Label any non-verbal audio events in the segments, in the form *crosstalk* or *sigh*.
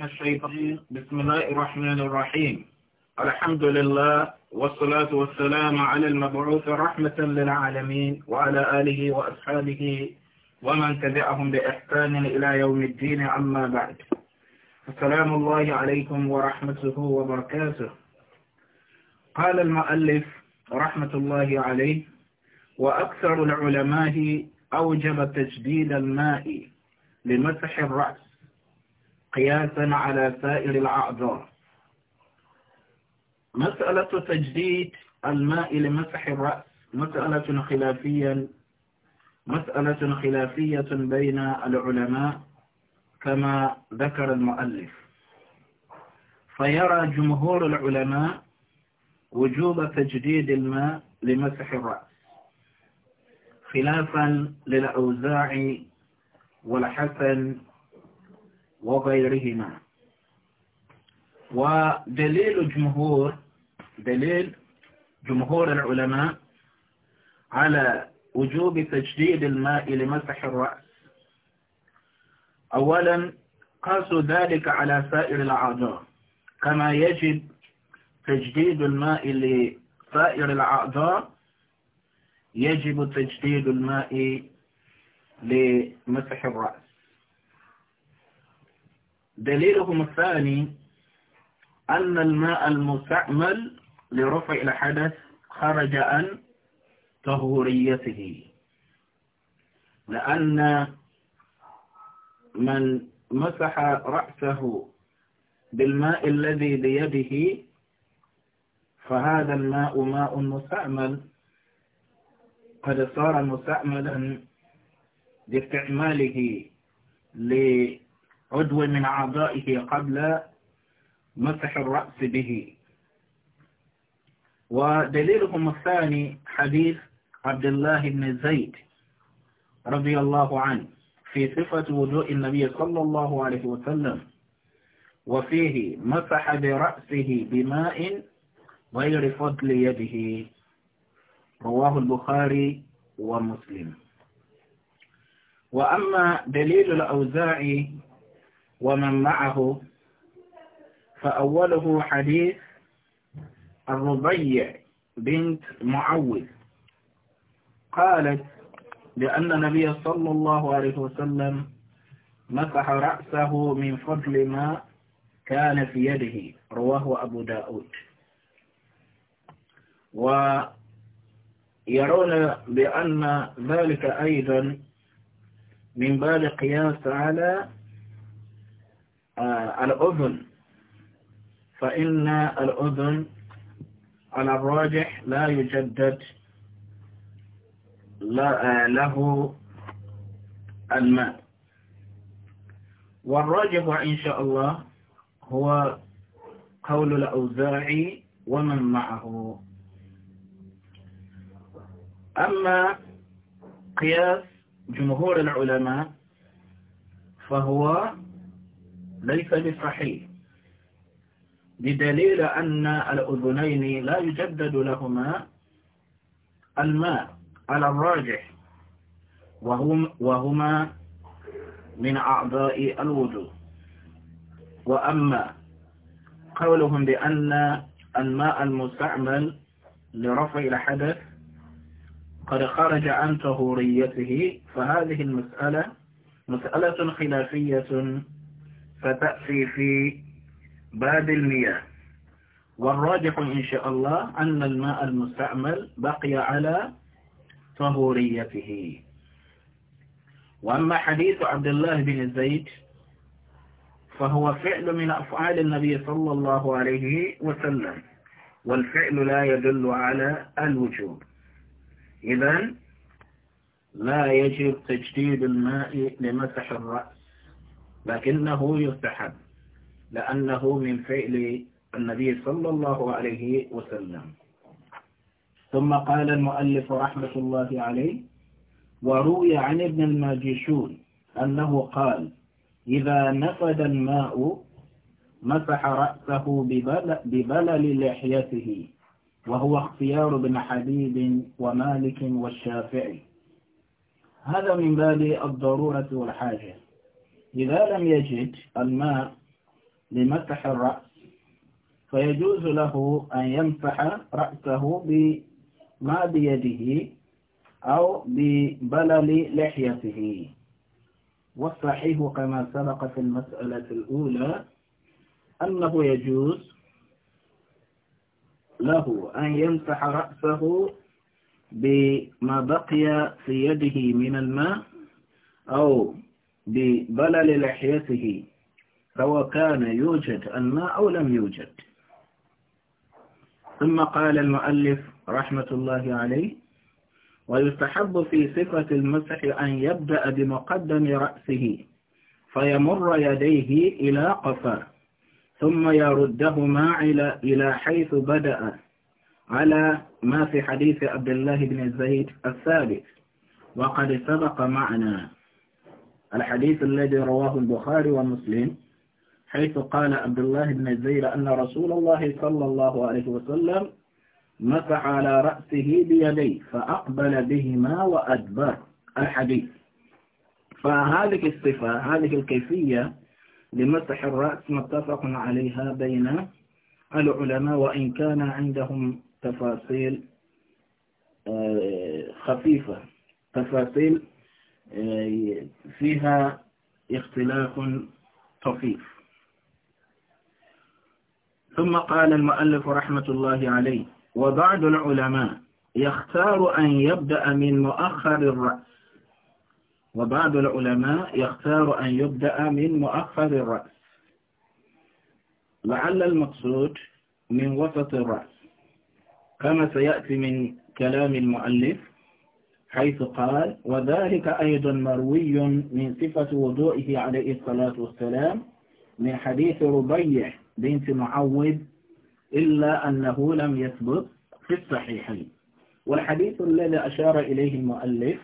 الشيطان بسم الله الرحمن الرحيم الحمد لله والصلاة والسلام على المبعوث رحمة للعالمين وعلى آله وأصحابه ومن تبعهم بإحسان إلى يوم الدين أما بعد السلام الله عليكم ورحمته وبركاته قال المؤلف رحمة الله عليه وأكثر العلماء أوجب تجديد الماء لمسح الرأس قياسا على سائر الأعذار مسألة تجديد الماء لمسح الرأس مسألة خلافية مسألة خلافية بين العلماء كما ذكر المؤلف فيرى جمهور العلماء وجوب تجديد الماء لمسح الرأس خلافا للأوزاعي والحسن وغيرهما ودليل جمهور دليل جمهور العلماء على وجوب تجديد الماء لمسح الرأس أولا قاسوا ذلك على سائر الأعضاء كما يجب تجديد الماء لسائر الأعضاء يجب تجديد الماء لمسح الرأس دليلهم الثاني أن الماء المستعمل لرفع الحدث خرج عن طهوريته لأن من مسح رأسه بالماء الذي بيده فهذا الماء ماء مستعمل قد صار مستعملا باستعماله لرفع عضو من أعضائه قبل مسح الرأس به ودليلهم الثاني حديث عبد الله بن زيد رضي الله عنه في صفة وضوء النبي صلى الله عليه وسلم وفيه مسح برأسه بماء غير فضل يده رواه البخاري ومسلم وأما دليل الأوزاعي ومن معه فأوله حديث الربيع بنت معوذ قالت لأن النبي صلى الله عليه وسلم مسح رأسه من فضل ما كان في يده رواه أبو داود ويرون بأن ذلك أيضا من باب قياس على آه، الأذن فإن الأذن على الراجح لا يجدد آه، له الماء والراجح إن شاء الله هو قول الأوزاعي ومن معه أما قياس جمهور العلماء فهو ليس بصحيح بدليل أن الأذنين لا يجدد لهما الماء على الراجح وهم وهما من أعضاء الوضوء وأما قولهم بأن الماء المستعمل لرفع الحدث قد خرج عن طهوريته فهذه المسألة مسألة خلافية فتأتي في باب المياه والراجح إن شاء الله أن الماء المستعمل بقي على طهوريته وأما حديث عبد الله بن الزيت فهو فعل من أفعال النبي صلى الله عليه وسلم والفعل لا يدل على الوجوب إذا لا يجب تجديد الماء لمسح الرأس لكنه يستحب لأنه من فعل النبي صلى الله عليه وسلم ثم قال المؤلف رحمة الله عليه وروي عن ابن الماجشون أنه قال إذا نفد الماء مسح رأسه ببلل لحيته وهو اختيار بن حبيب ومالك والشافعي هذا من باب الضرورة والحاجة إذا لم يجد الماء لمسح الرأس فيجوز له أن يمسح رأسه بما بيده أو ببلل لحيته والصحيح كما سبق في المسألة الأولى أنه يجوز له أن يمسح رأسه بما بقي في يده من الماء أو ببلل لحيته سواء كان يوجد الماء أو لم يوجد ثم قال المؤلف رحمة الله عليه ويستحب في صفة المسح أن يبدأ بمقدم رأسه فيمر يديه إلى قفاه ثم يردهما إلى حيث بدأ على ما في حديث عبد الله بن زيد الثالث وقد سبق معنا الحديث الذي رواه البخاري ومسلم حيث قال عبد الله بن زير أن رسول الله صلى الله عليه وسلم مسح على رأسه بيديه فأقبل بهما وأدبر الحديث فهذه الصفة هذه الكيفية لمسح الرأس متفق عليها بين العلماء وإن كان عندهم تفاصيل آه، خفيفة تفاصيل آه، فيها اختلاف طفيف ثم قال المؤلف رحمة الله عليه وبعض العلماء يختار أن يبدأ من مؤخر الرأس وبعض العلماء يختار أن يبدأ من مؤخر الرأس لعل المقصود من وسط الرأس كما سيأتي من كلام المؤلف حيث قال وذلك أيضا مروي من صفة وضوئه عليه الصلاة والسلام من حديث ربيع بنت معوذ إلا أنه لم يثبت في الصحيحين والحديث الذي أشار إليه المؤلف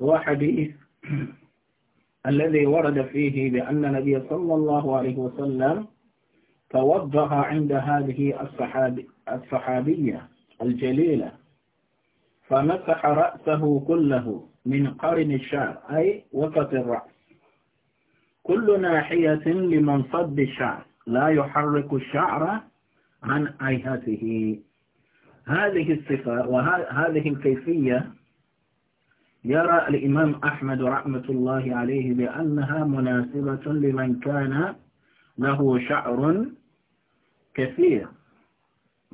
هو حديث *clears throat* الذي ورد فيه بأن النبي صلى الله عليه وسلم توضأ عند هذه الصحابي الصحابية الجليلة فمسح رأسه كله من قرن الشعر أي وسط الرأس كل ناحية لمنصب الشعر لا يحرك الشعر عن أيهته هذه الصفة وهذه الكيفية يرى الإمام أحمد رحمة الله عليه بأنها مناسبة لمن كان له شعر كثير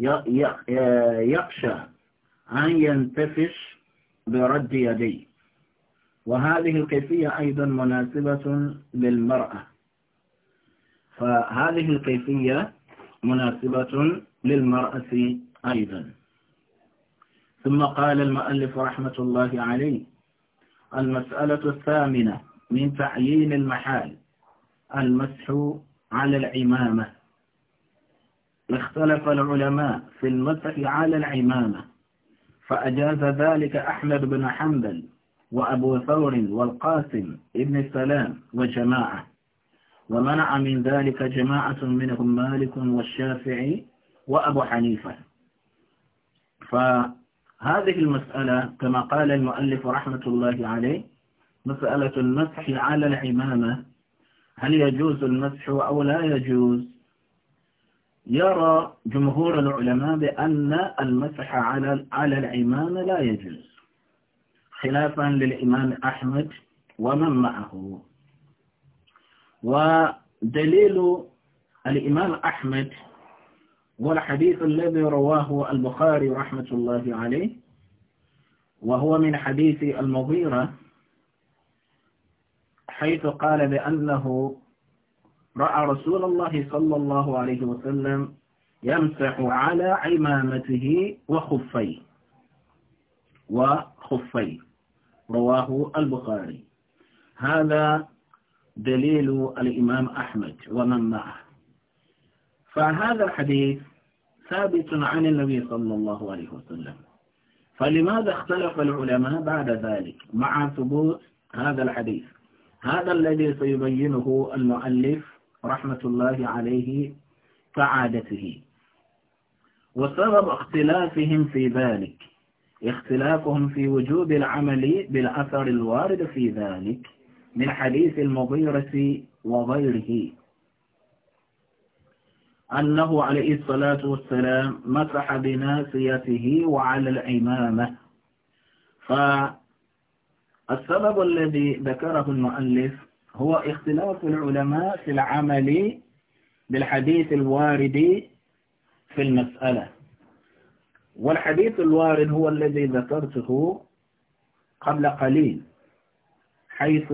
يخشى أن ينتفش برد يديه وهذه الكيفية أيضا مناسبة للمرأة فهذه الكيفية مناسبة للمرأة أيضا ثم قال المؤلف رحمة الله عليه المسألة الثامنة من تعيين المحال المسح على العمامة اختلف العلماء في المسح على العمامة فأجاز ذلك أحمد بن حنبل وأبو ثور والقاسم ابن السلام وجماعة ومنع من ذلك جماعة منهم مالك والشافعي وأبو حنيفة فهذه المسألة كما قال المؤلف رحمة الله عليه مسألة المسح على العمامة هل يجوز المسح أو لا يجوز يرى جمهور العلماء بأن المسح على على العمامة لا يجوز خلافا للإمام أحمد ومن معه ودليل الإمام أحمد والحديث الذي رواه البخاري رحمة الله عليه وهو من حديث المغيرة حيث قال بأنه رأى رسول الله صلى الله عليه وسلم يمسح على عمامته وخفيه وخفيه رواه البخاري هذا دليل الإمام أحمد ومن معه فهذا الحديث ثابت عن النبي صلى الله عليه وسلم فلماذا اختلف العلماء بعد ذلك مع ثبوت هذا الحديث هذا الذي سيبينه المؤلف رحمة الله عليه كعادته وسبب اختلافهم في ذلك اختلافهم في وجوب العمل بالأثر الوارد في ذلك من حديث المغيرة وغيره أنه عليه الصلاة والسلام مسح بناسيته وعلى العمامة فالسبب الذي ذكره المؤلف هو اختلاف العلماء في العمل بالحديث الوارد في المسألة والحديث الوارد هو الذي ذكرته قبل قليل حيث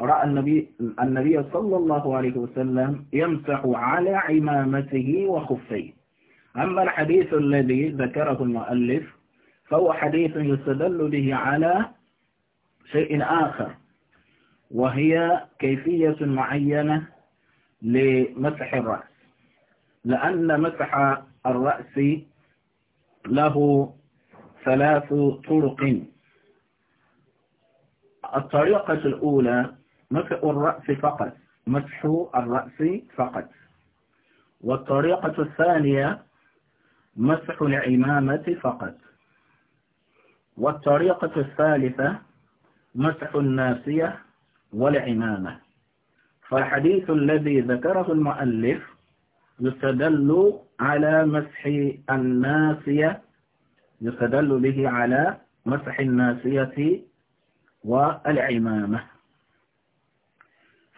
رأى النبي, النبي صلى الله عليه وسلم يمسح على عمامته وخفيه أما الحديث الذي ذكره المؤلف فهو حديث يستدل به على شيء آخر وهي كيفية معينة لمسح الرأس لأن مسح الرأس له ثلاث طرق الطريقة الأولى مسح الرأس فقط مسح الرأس فقط والطريقة الثانية مسح العمامة فقط والطريقة الثالثة مسح الناسية والعمامة فالحديث الذي ذكره المؤلف يستدل على مسح الناسية يستدل به على مسح الناسية والعمامة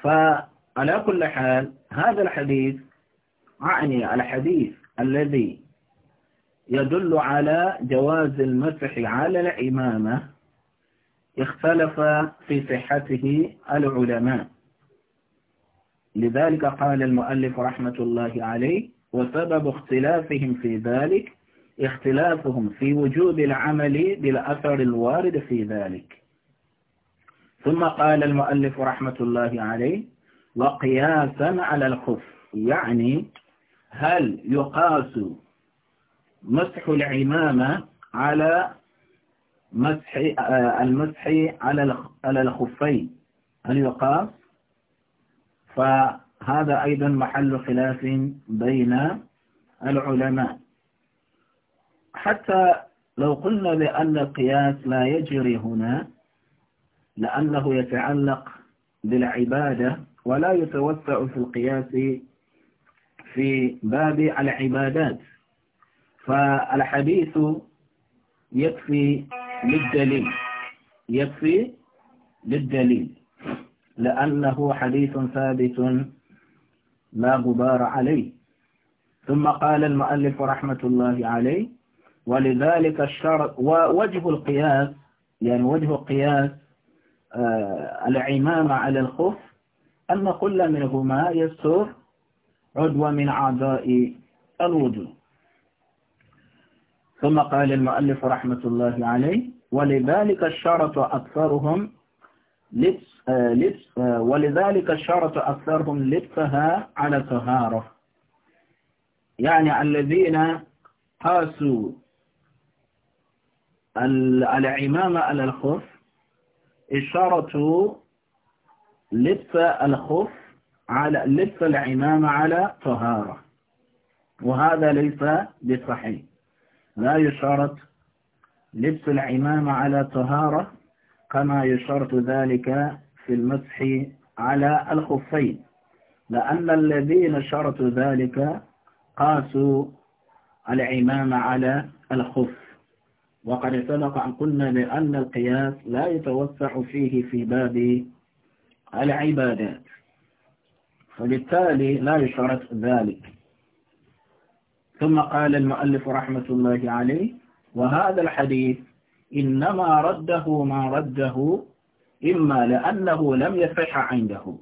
فعلى كل حال هذا الحديث أعني الحديث الذي يدل على جواز المسح على العمامة اختلف في صحته العلماء لذلك قال المؤلف رحمة الله عليه وسبب اختلافهم في ذلك اختلافهم في وجوب العمل بالأثر الوارد في ذلك ثم قال المؤلف رحمة الله عليه وقياسا على الخف يعني هل يقاس مسح العمامة على مسح آه، المسح على على الخفين هل يقاس فهذا أيضا محل خلاف بين العلماء حتى لو قلنا بأن القياس لا يجري هنا لأنه يتعلق بالعبادة ولا يتوسع في القياس في باب العبادات فالحديث يكفي للدليل يكفي للدليل لأنه حديث ثابت لا غبار عليه ثم قال المؤلف رحمة الله عليه ولذلك الشرع ووجه القياس يعني وجه قياس آه العمامة على الخف أن كل منهما يستر عدوى من أعضاء الوجود ثم قال المؤلف رحمة الله عليه ولذلك الشرط أكثرهم لبس آه، لبس آه، ولذلك الشرط أكثرهم لبسها على طهارة يعني الذين قاسوا العمامة على الخف اشترطوا لبس الخف على لبس العمامة على طهارة وهذا ليس بصحيح لا يشترط لبس العمامة على طهارة كما يشترط ذلك في المسح على الخفين لأن الذين شرطوا ذلك قاسوا العمامة على الخف وقد سبق أن قلنا بأن القياس لا يتوسع فيه في باب العبادات فبالتالي لا يشرط ذلك ثم قال المؤلف رحمة الله عليه وهذا الحديث إنما رده ما رده إما لأنه لم يصح عنده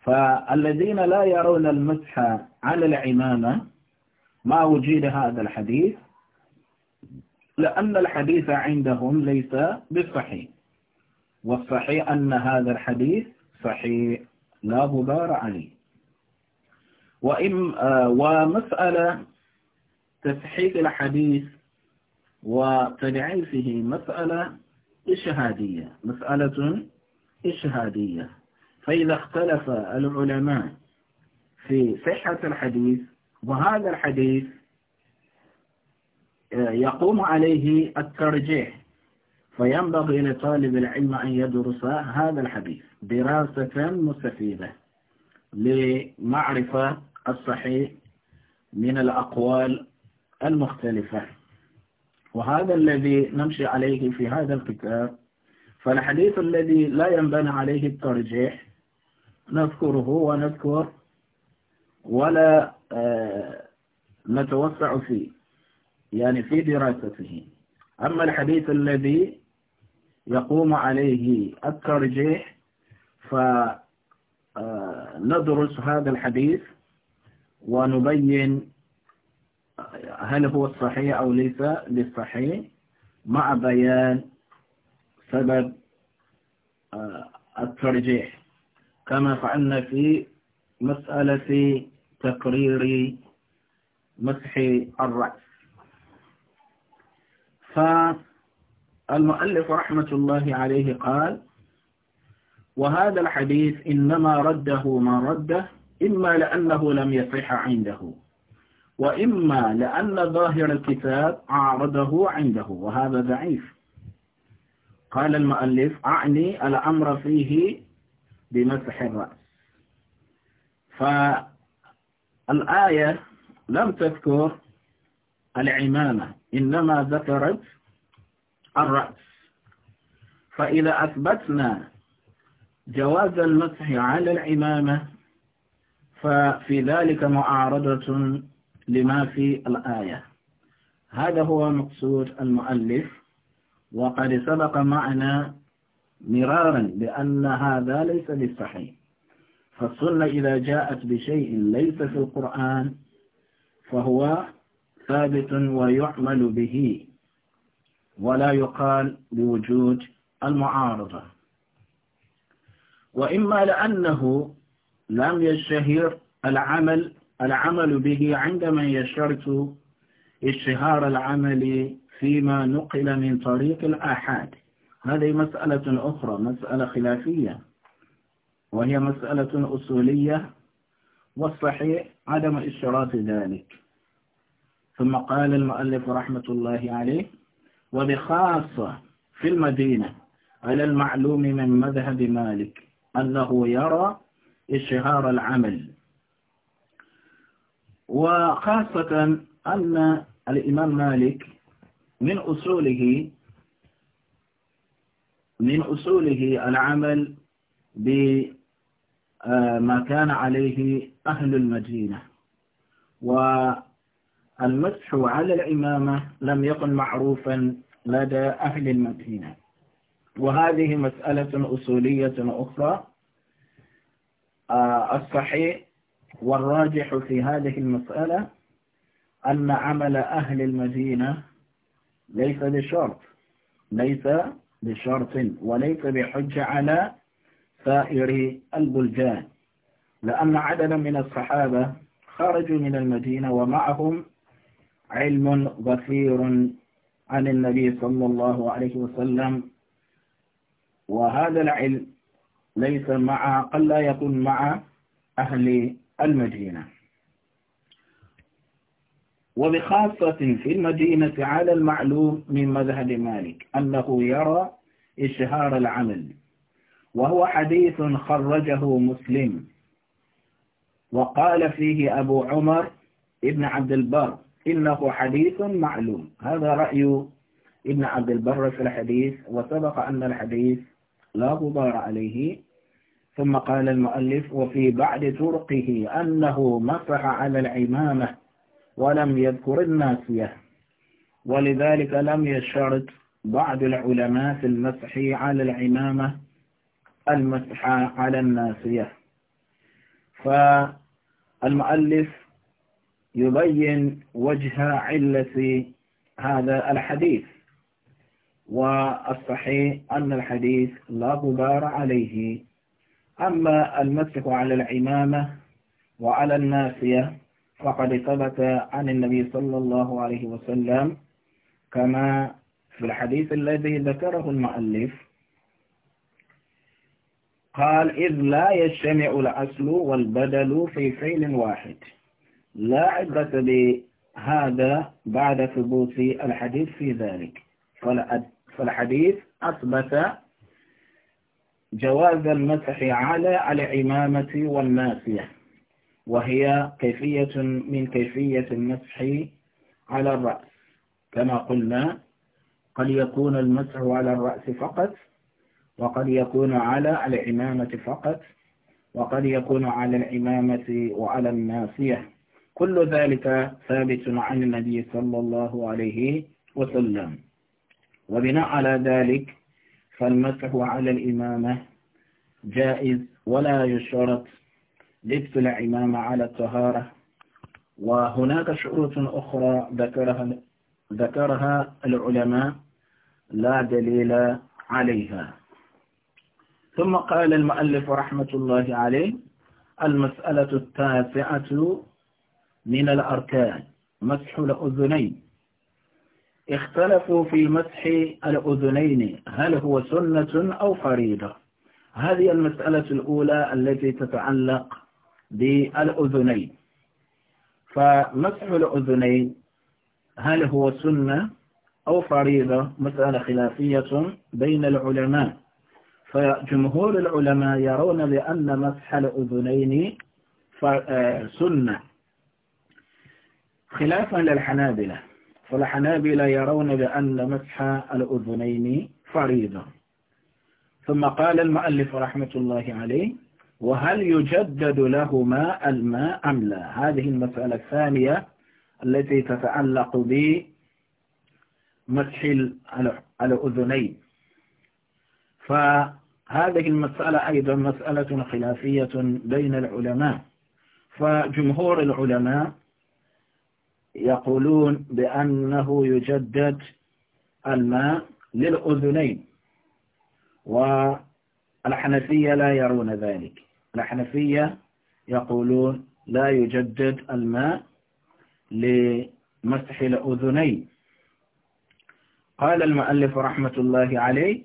فالذين لا يرون المسح على العمامة ما وجد هذا الحديث لأن الحديث عندهم ليس بالصحيح والصحيح أن هذا الحديث صحيح لا غبار عليه وإم آه، ومسألة تصحيح الحديث وتضعيفه مسألة إشهادية مسألة إشهادية فإذا اختلف العلماء في صحة الحديث وهذا الحديث آه، يقوم عليه الترجيح فينبغي لطالب العلم أن يدرس هذا الحديث دراسة مستفيدة لمعرفة الصحيح من الأقوال المختلفة وهذا الذي نمشي عليه في هذا الكتاب فالحديث الذي لا ينبنى عليه الترجيح نذكره ونذكر ولا آه، نتوسع فيه يعني في دراسته أما الحديث الذي يقوم عليه الترجيح فندرس آه، هذا الحديث ونبين هل هو الصحيح أو ليس للصحيح مع بيان سبب آه، الترجيح كما فعلنا في مسألة تقرير مسح الرأس فالمؤلف رحمة الله عليه قال وهذا الحديث إنما رده ما رده إما لأنه لم يصح عنده وإما لأن ظاهر الكتاب أعرضه عنده وهذا ضعيف قال المؤلف أعني الأمر فيه بمسح الرأس فالآية لم تذكر العمامة إنما ذكرت الرأس فإذا أثبتنا جواز المسح على العمامة ففي ذلك معارضة لما في الآية هذا هو مقصود المؤلف وقد سبق معنا مرارا بأن هذا ليس بالصحيح فالسنة إذا جاءت بشيء ليس في القرآن فهو ثابت ويعمل به ولا يقال بوجود المعارضة وإما لأنه لم يشهر العمل العمل به عندما يشترط اشتهار العمل فيما نقل من طريق الآحاد هذه مسألة أخرى مسألة خلافية وهي مسألة أصولية والصحيح عدم اشتراط ذلك ثم قال المؤلف رحمة الله عليه وبخاصة في المدينة على المعلوم من مذهب مالك أنه يرى اشتهار العمل وخاصة أن الإمام مالك من أصوله من أصوله العمل بما آه، كان عليه أهل المدينة والمسح على الإمامة لم يكن معروفا لدى أهل المدينة وهذه مسألة أصولية أخرى آه، الصحيح والراجح في هذه المسألة أن عمل أهل المدينة ليس بشرط ليس بشرط وليس بحجة على سائر البلدان لأن عددا من الصحابة خرجوا من المدينة ومعهم علم غفير عن النبي صلى الله عليه وسلم وهذا العلم ليس مع قد لا يكون مع أهل المدينة وبخاصة في المدينة على المعلوم من مذهب مالك أنه يرى إشهار العمل وهو حديث خرجه مسلم وقال فيه أبو عمر ابن عبد البر إنه حديث معلوم هذا رأي ابن عبد البر في الحديث وسبق أن الحديث لا غبار عليه ثم قال المؤلف وفي بعد طرقه أنه مسح على العمامة ولم يذكر الناسية ولذلك لم يشرط بعض العلماء في المسح على العمامة المسح على الناسية فالمؤلف يبين وجه علة هذا الحديث والصحيح أن الحديث لا غبار عليه أما المسك على العمامة وعلى الناسية فقد ثبت عن النبي صلى الله عليه وسلم كما في الحديث الذي ذكره المؤلف قال إذ لا يجتمع الأصل والبدل في فعل واحد لا عبرة بهذا بعد ثبوت الحديث في ذلك فالحديث أثبت جواز المسح على العمامة والناسية وهي كيفية من كيفية المسح على الرأس كما قلنا قد يكون المسح على الرأس فقط وقد يكون على العمامة فقط وقد يكون على العمامة وعلى الناسية كل ذلك ثابت عن النبي صلى الله عليه وسلم وبناء على ذلك فالمسح على الإمامة جائز ولا يشرط لبس الإمامة على الطهارة وهناك شروط أخرى ذكرها ذكرها العلماء لا دليل عليها ثم قال المؤلف رحمة الله عليه المسألة التاسعة من الأركان مسح الأذنين اختلفوا في مسح الأذنين هل هو سنة أو فريضة هذه المسألة الأولى التي تتعلق بالأذنين فمسح الأذنين هل هو سنة أو فريضة مسألة خلافية بين العلماء فجمهور العلماء يرون بأن مسح الأذنين آه، سنة خلافا للحنابلة فالحنابلة يرون بأن مسح الأذنين فريضة ثم قال المؤلف رحمة الله عليه وهل يجدد لهما الماء أم لا هذه المسألة الثانية التي تتعلق بمسح الأذنين فهذه المسألة أيضا مسألة خلافية بين العلماء فجمهور العلماء يقولون بأنه يجدد الماء للأذنين والحنفية لا يرون ذلك الحنفية يقولون لا يجدد الماء لمسح الأذنين قال المؤلف رحمة الله عليه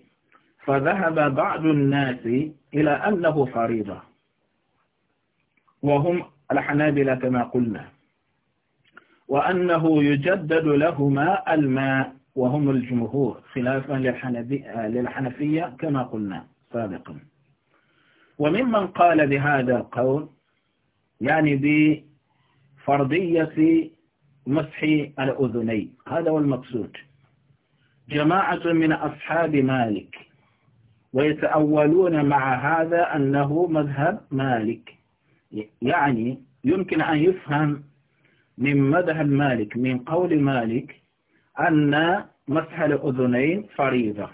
فذهب بعض الناس إلى أنه فريضة وهم الحنابلة كما قلنا وأنه يجدد لهما الماء وهم الجمهور خلافا آه، للحنفية كما قلنا سابقا وممن قال بهذا القول يعني بفرضية مسح الأذنين هذا هو المقصود جماعة من أصحاب مالك ويتأولون مع هذا أنه مذهب مالك يعني يمكن أن يفهم من مذهب مالك من قول مالك أن مسح الأذنين فريضة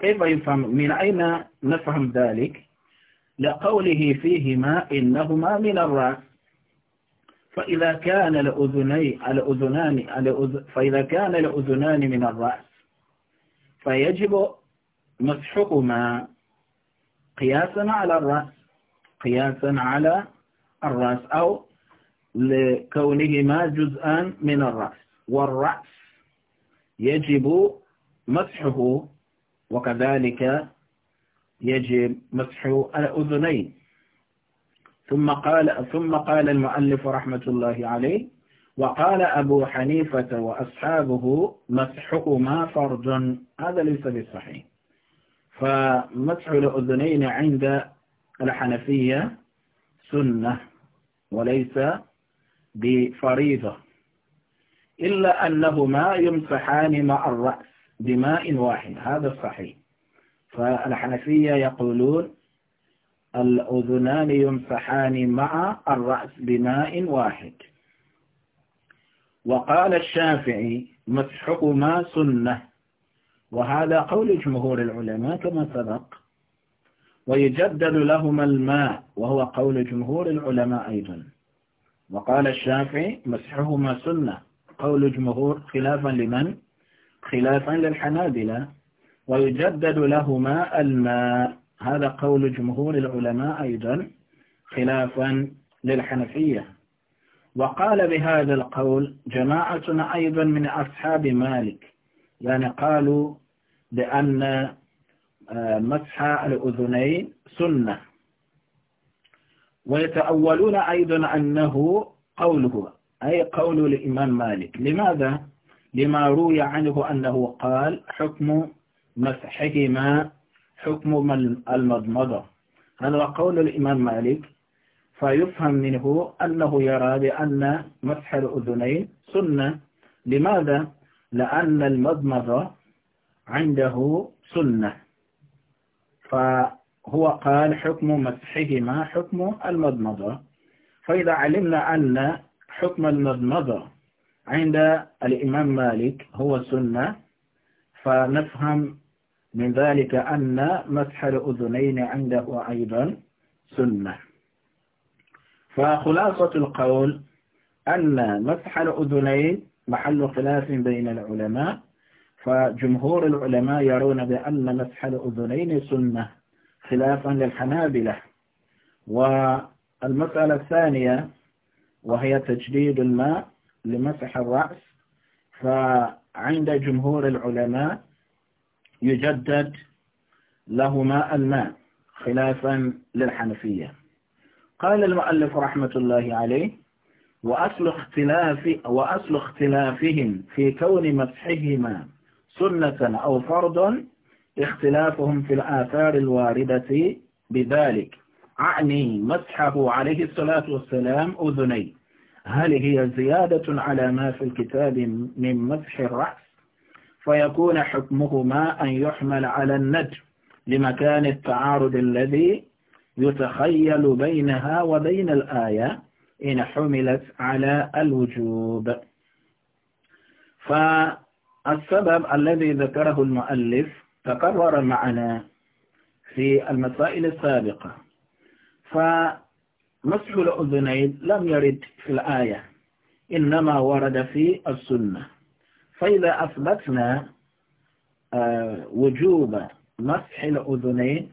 كيف يفهم من أين نفهم ذلك لقوله فيهما إنهما من الرأس فإذا كان الأذني الأذنان الأذ... فإذا كان الأذنان من الرأس فيجب مسحهما قياسا على الرأس قياسا على الرأس أو لكونهما جزءا من الرأس والرأس يجب مسحه وكذلك يجب مسح الأذنين ثم قال ثم قال المؤلف رحمة الله عليه وقال أبو حنيفة وأصحابه مسحهما فرج هذا ليس بالصحيح فمسح الأذنين عند الحنفية سنة وليس بفريضة إلا أنهما يمسحان مع الرأس بماء واحد هذا الصحيح فالحنفية يقولون الأذنان يمسحان مع الرأس بماء واحد وقال الشافعي مسحهما سنة وهذا قول جمهور العلماء كما سبق ويجدد لهما الماء وهو قول جمهور العلماء أيضا وقال الشافعي مسحهما سنة قول جمهور خلافا لمن خلافا للحنابلة ويجدد لهما الماء هذا قول جمهور العلماء أيضا خلافا للحنفية وقال بهذا القول جماعة أيضا من أصحاب مالك يعني قالوا بأن آه، مسح الأذنين سنة ويتأولون أيضا أنه قوله أي قول الإمام مالك لماذا؟ لما روي عنه أنه قال حكم مسحهما حكم المضمضة هذا قول الإمام مالك فيفهم منه أنه يرى بأن مسح الأذنين سنة لماذا؟ لأن المضمضة عنده سنة فأخذ هو قال حكم مسحهما حكم المضمضة فإذا علمنا أن حكم المضمضة عند الإمام مالك هو سنة فنفهم من ذلك أن مسح الأذنين عنده أيضا سنة فخلاصة القول أن مسح الأذنين محل خلاف بين العلماء فجمهور العلماء يرون بأن مسح الأذنين سنة خلافا للحنابلة والمسألة الثانية وهي تجديد الماء لمسح الرأس فعند جمهور العلماء يجدد له ماء الماء خلافا للحنفية قال المؤلف رحمة الله عليه وأصل, اختلاف وأصل اختلافهم في كون مسحهما سنة أو فرضا اختلافهم في الآثار الواردة بذلك أعني مسحه عليه الصلاة والسلام أذني هل هي زيادة على ما في الكتاب من مسح الرأس فيكون حكمهما أن يحمل على النجم لمكان التعارض الذي يتخيل بينها وبين الآية إن حملت على الوجوب فالسبب الذي ذكره المؤلف تقرر معنا في المسائل السابقة فمسح الأذنين لم يرد في الآية إنما ورد في السنة فإذا أثبتنا آه، وجوب مسح الأذنين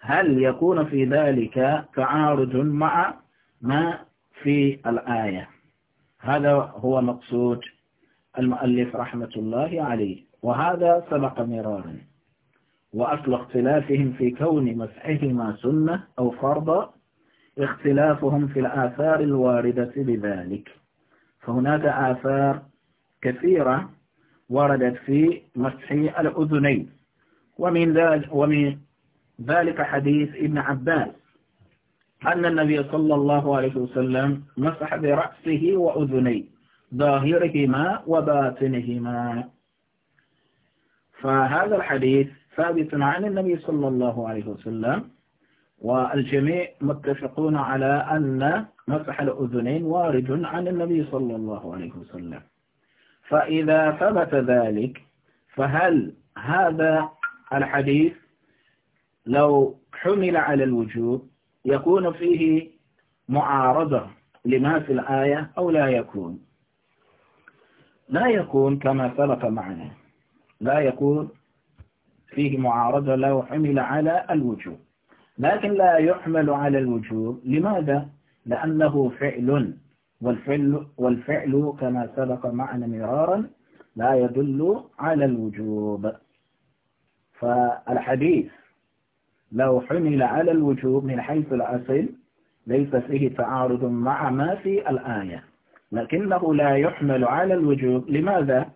هل يكون في ذلك تعارض مع ما في الآية هذا هو مقصود المؤلف رحمة الله عليه وهذا سبق مرارا وأصل اختلافهم في كون مسحهما سنة أو فرضا اختلافهم في الآثار الواردة بذلك فهناك آثار كثيرة وردت في مسح الأذنين ومن ذلك, ومن ذلك حديث ابن عباس أن النبي صلى الله عليه وسلم مسح برأسه وأذنيه ظاهرهما وباطنهما فهذا الحديث ثابت عن النبي صلى الله عليه وسلم والجميع متفقون على أن مسح الأذنين وارد عن النبي صلى الله عليه وسلم فإذا ثبت ذلك فهل هذا الحديث لو حمل على الوجوب يكون فيه معارضة لما في الآية أو لا يكون لا يكون كما سبق معنا لا يكون فيه معارضة لو حمل على الوجوب لكن لا يحمل على الوجوب لماذا؟ لأنه فعل والفعل, والفعل كما سبق معنا مرارا لا يدل على الوجوب فالحديث لو حمل على الوجوب من حيث الأصل ليس فيه تعارض مع ما في الآية لكنه لا يحمل على الوجوب لماذا؟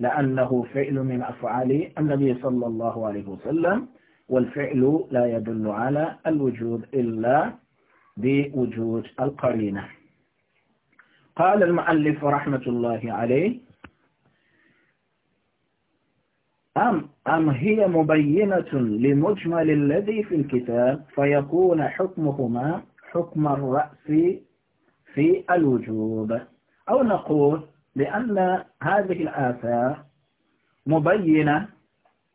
لأنه فعل من أفعال النبي صلى الله عليه وسلم والفعل لا يدل على الوجود إلا بوجود القرينة قال المؤلف رحمة الله عليه أم, أم هي مبينة لمجمل الذي في الكتاب فيكون حكمهما حكم الرأس في الوجوب أو نقول لأن هذه الآثار مبينة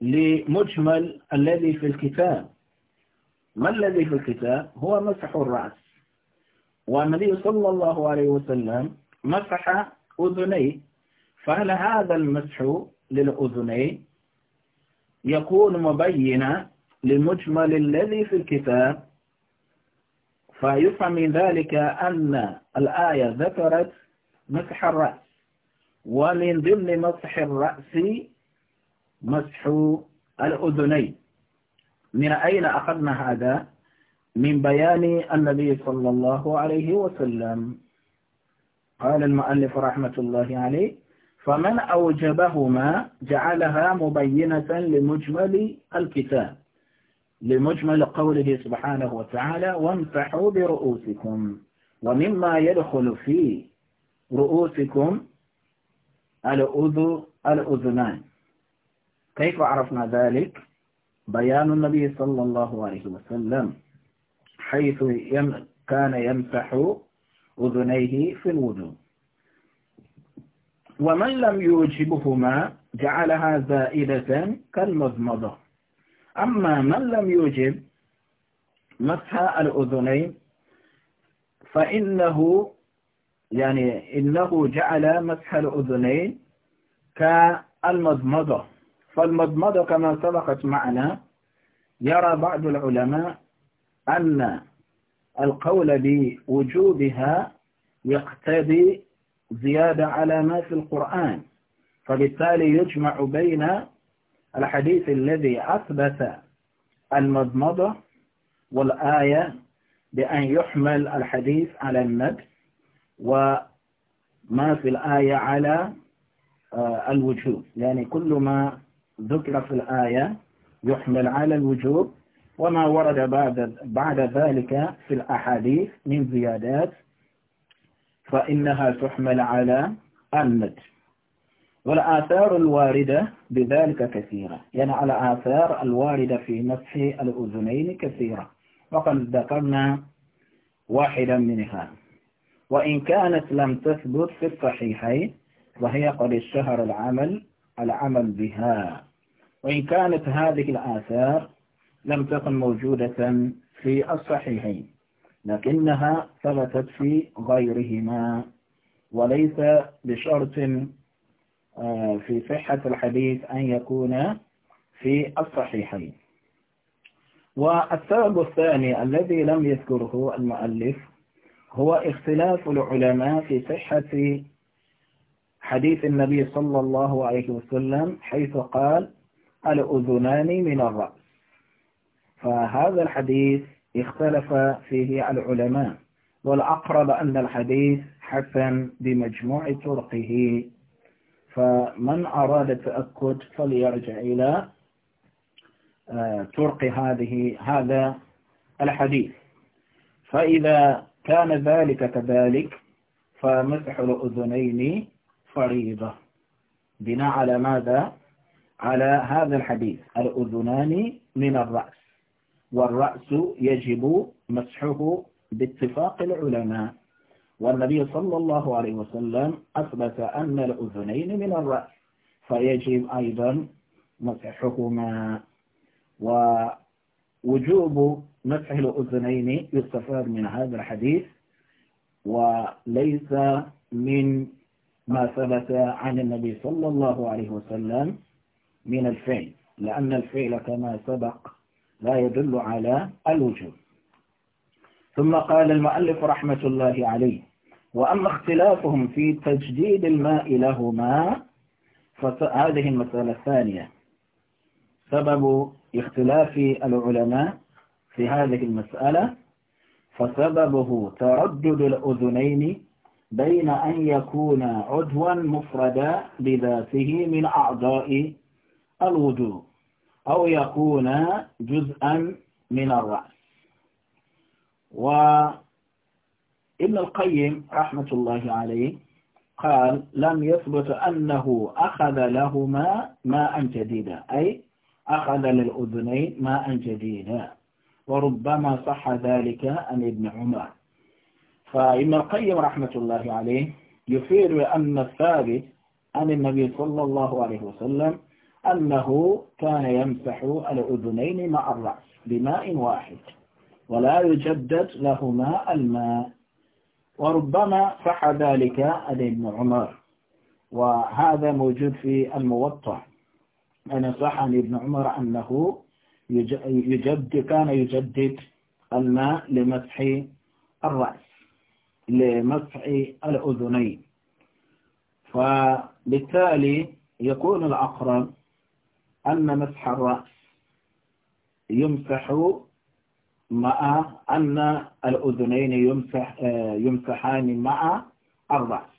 لمجمل الذي في الكتاب ما الذي في الكتاب هو مسح الرأس والنبي صلى الله عليه وسلم مسح أذنيه فهل هذا المسح للأذنين يكون مبينا لمجمل الذي في الكتاب فيفهم من ذلك أن الآية ذكرت مسح الرأس ومن ضمن مسح الرأس مسح الأذنين من أين أخذنا هذا؟ من بيان النبي صلى الله عليه وسلم قال المؤلف رحمة الله عليه فمن أوجبهما جعلها مبينة لمجمل الكتاب لمجمل قوله سبحانه وتعالى وامسحوا برؤوسكم ومما يدخل في رؤوسكم الأذن الأذنان كيف عرفنا ذلك بيان النبي صلى الله عليه وسلم حيث يم كان يمسح أذنيه في الوضوء ومن لم يوجبهما جعلها زائدة كالمضمضة أما من لم يوجب مسح الأذنين فإنه يعني إنه جعل مسح الأذنين كالمضمضة فالمضمضة كما سبقت معنا يرى بعض العلماء أن القول بوجوبها يقتضي زيادة على ما في القرآن فبالتالي يجمع بين الحديث الذي أثبت المضمضة والآية بأن يحمل الحديث على النبي وما في الآية على آه، الوجوب يعني كل ما ذكر في الآية يحمل على الوجوب وما ورد بعد, بعد ذلك في الأحاديث من زيادات فإنها تحمل على الند والآثار الواردة بذلك كثيرة يعني على آثار الواردة في مسح الأذنين كثيرة وقد ذكرنا واحدا منها وإن كانت لم تثبت في الصحيحين وهي قد اشتهر العمل العمل بها وإن كانت هذه الآثار لم تكن موجودة في الصحيحين لكنها ثبتت في غيرهما وليس بشرط آه، في صحة الحديث أن يكون في الصحيحين والسبب الثاني الذي لم يذكره المؤلف هو اختلاف العلماء في صحة حديث النبي صلى الله عليه وسلم حيث قال الأذنان من الرأس فهذا الحديث اختلف فيه العلماء والأقرب أن الحديث حسن بمجموع طرقه فمن أراد التأكد فليرجع إلى آه، طرق هذه هذا الحديث فإذا كان ذلك كذلك فمسح الأذنين فريضة بناء على ماذا؟ على هذا الحديث الأذنان من الرأس والرأس يجب مسحه باتفاق العلماء والنبي صلى الله عليه وسلم أثبت أن الأذنين من الرأس فيجب أيضا مسحهما ومسحهما وجوب مسح الأذنين يستفاد من هذا الحديث وليس من ما ثبت عن النبي صلى الله عليه وسلم من الفعل لأن الفعل كما سبق لا يدل على الوجوب ثم قال المؤلف رحمة الله عليه وأما اختلافهم في تجديد الماء لهما فهذه المسألة الثانية سبب اختلاف العلماء في هذه المسألة فسببه تردد الأذنين بين أن يكون عضوا مفردا بذاته من أعضاء الوجوه أو يكون جزءا من الرأس وابن القيم رحمة الله عليه قال لم يثبت أنه أخذ لهما ماء جديدا أي أخذ للأذنين ماء جديدا وربما صح ذلك عن ابن عمر فإن القيم رحمة الله عليه يفير أن الثابت عن النبي صلى الله عليه وسلم أنه كان يمسح الأذنين مع الرأس بماء واحد ولا يجدد لهما الماء وربما صح ذلك عن ابن عمر وهذا موجود في الموطأ ونصح ابن عمر أنه يجدد كان يجدد الماء لمسح الرأس لمسح الأذنين فبالتالي يكون الأقرب أن مسح الرأس يمسح مع أن الأذنين يمسح يمسحان مع الرأس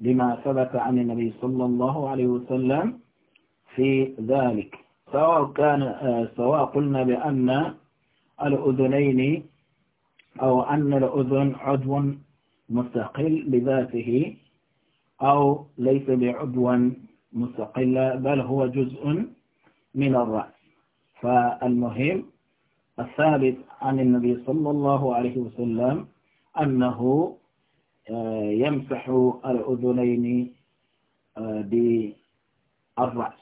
لما ثبت عن النبي صلى الله عليه وسلم في ذلك سواء كان آه، سواء قلنا بأن الأذنين أو أن الأذن عضو مستقل بذاته أو ليس بعضو مستقل بل هو جزء من الرأس فالمهم الثابت عن النبي صلى الله عليه وسلم أنه آه، يمسح الأذنين آه، بالرأس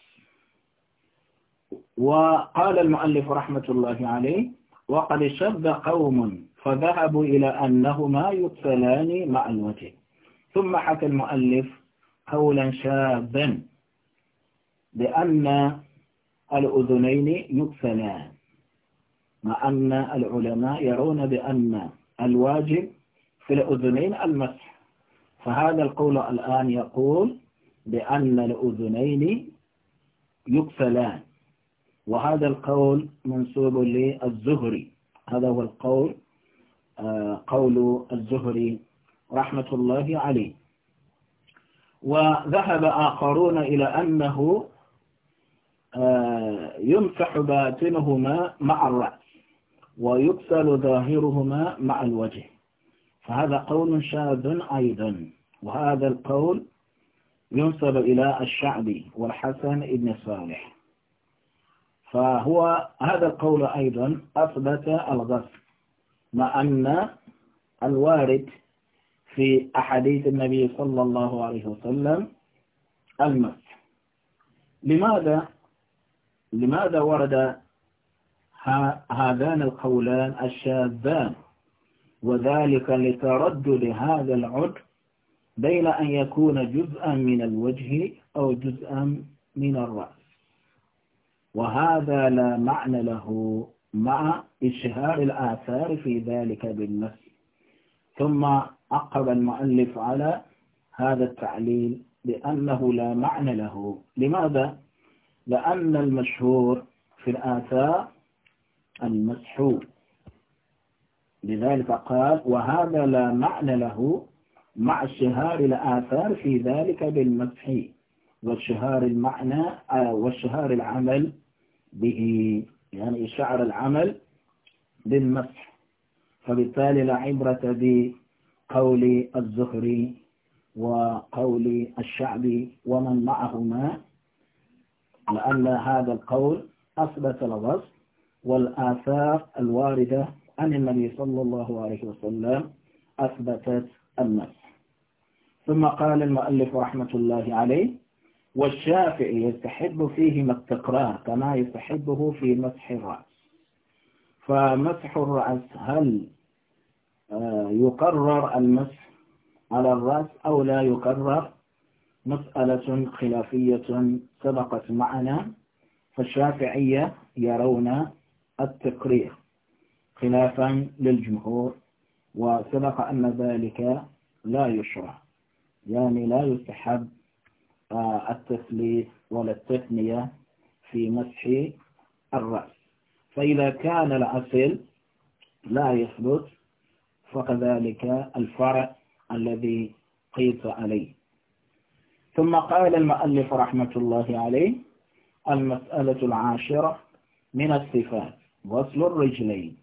وقال المؤلف رحمة الله عليه وقد شب قوم فذهبوا إلى أنهما يقتلان مع الوجه ثم حكى المؤلف قولا شابا بأن الأذنين يقتلان مع أن العلماء يرون بأن الواجب في الأذنين المسح فهذا القول الآن يقول بأن الأذنين يقتلان وهذا القول منسوب للزهري هذا هو القول آه، قول الزهري رحمة الله عليه وذهب آخرون إلى أنه آه، يمسح باطنهما مع الرأس ويكسل ظاهرهما مع الوجه فهذا قول شاذ أيضا وهذا القول ينسب إلى الشعبي والحسن بن صالح فهو هذا القول أيضا أثبت الغسل مع أن الوارد في أحاديث النبي صلى الله عليه وسلم المس لماذا لماذا ورد هذان القولان الشاذان وذلك لتردد هذا العد بين أن يكون جزءا من الوجه أو جزءا من الرأس وهذا لا معنى له مع إشهار الآثار في ذلك بالنص ثم عقب المؤلف على هذا التعليل بأنه لا معنى له لماذا؟ لأن المشهور في الآثار المسحور لذلك قال وهذا لا معنى له مع شهار الآثار في ذلك بالمسح والشهار المعنى آه، والشهار العمل به يعني شعر العمل بالمسح فبالتالي لا عبرة بقول الزهري وقول الشعبي ومن معهما لأن هذا القول أثبت لغز والآثار الواردة عن النبي صلى الله عليه وسلم أثبتت المسح ثم قال المؤلف رحمة الله عليه والشافعي يستحب فيهما التكرار كما يستحبه في مسح الرأس فمسح الرأس هل آه، يقرر المسح على الرأس أو لا يقرر مسألة خلافية سبقت معنا فالشافعية يرون التقرير خلافا للجمهور وسبق أن ذلك لا يشرع يعني لا يستحب التثليث ولا التثنية في مسح الرأس فإذا كان الأصل لا يثبت فكذلك الفرع الذي قيس عليه ثم قال المؤلف رحمة الله عليه المسألة العاشرة من الصفات وصل الرجلين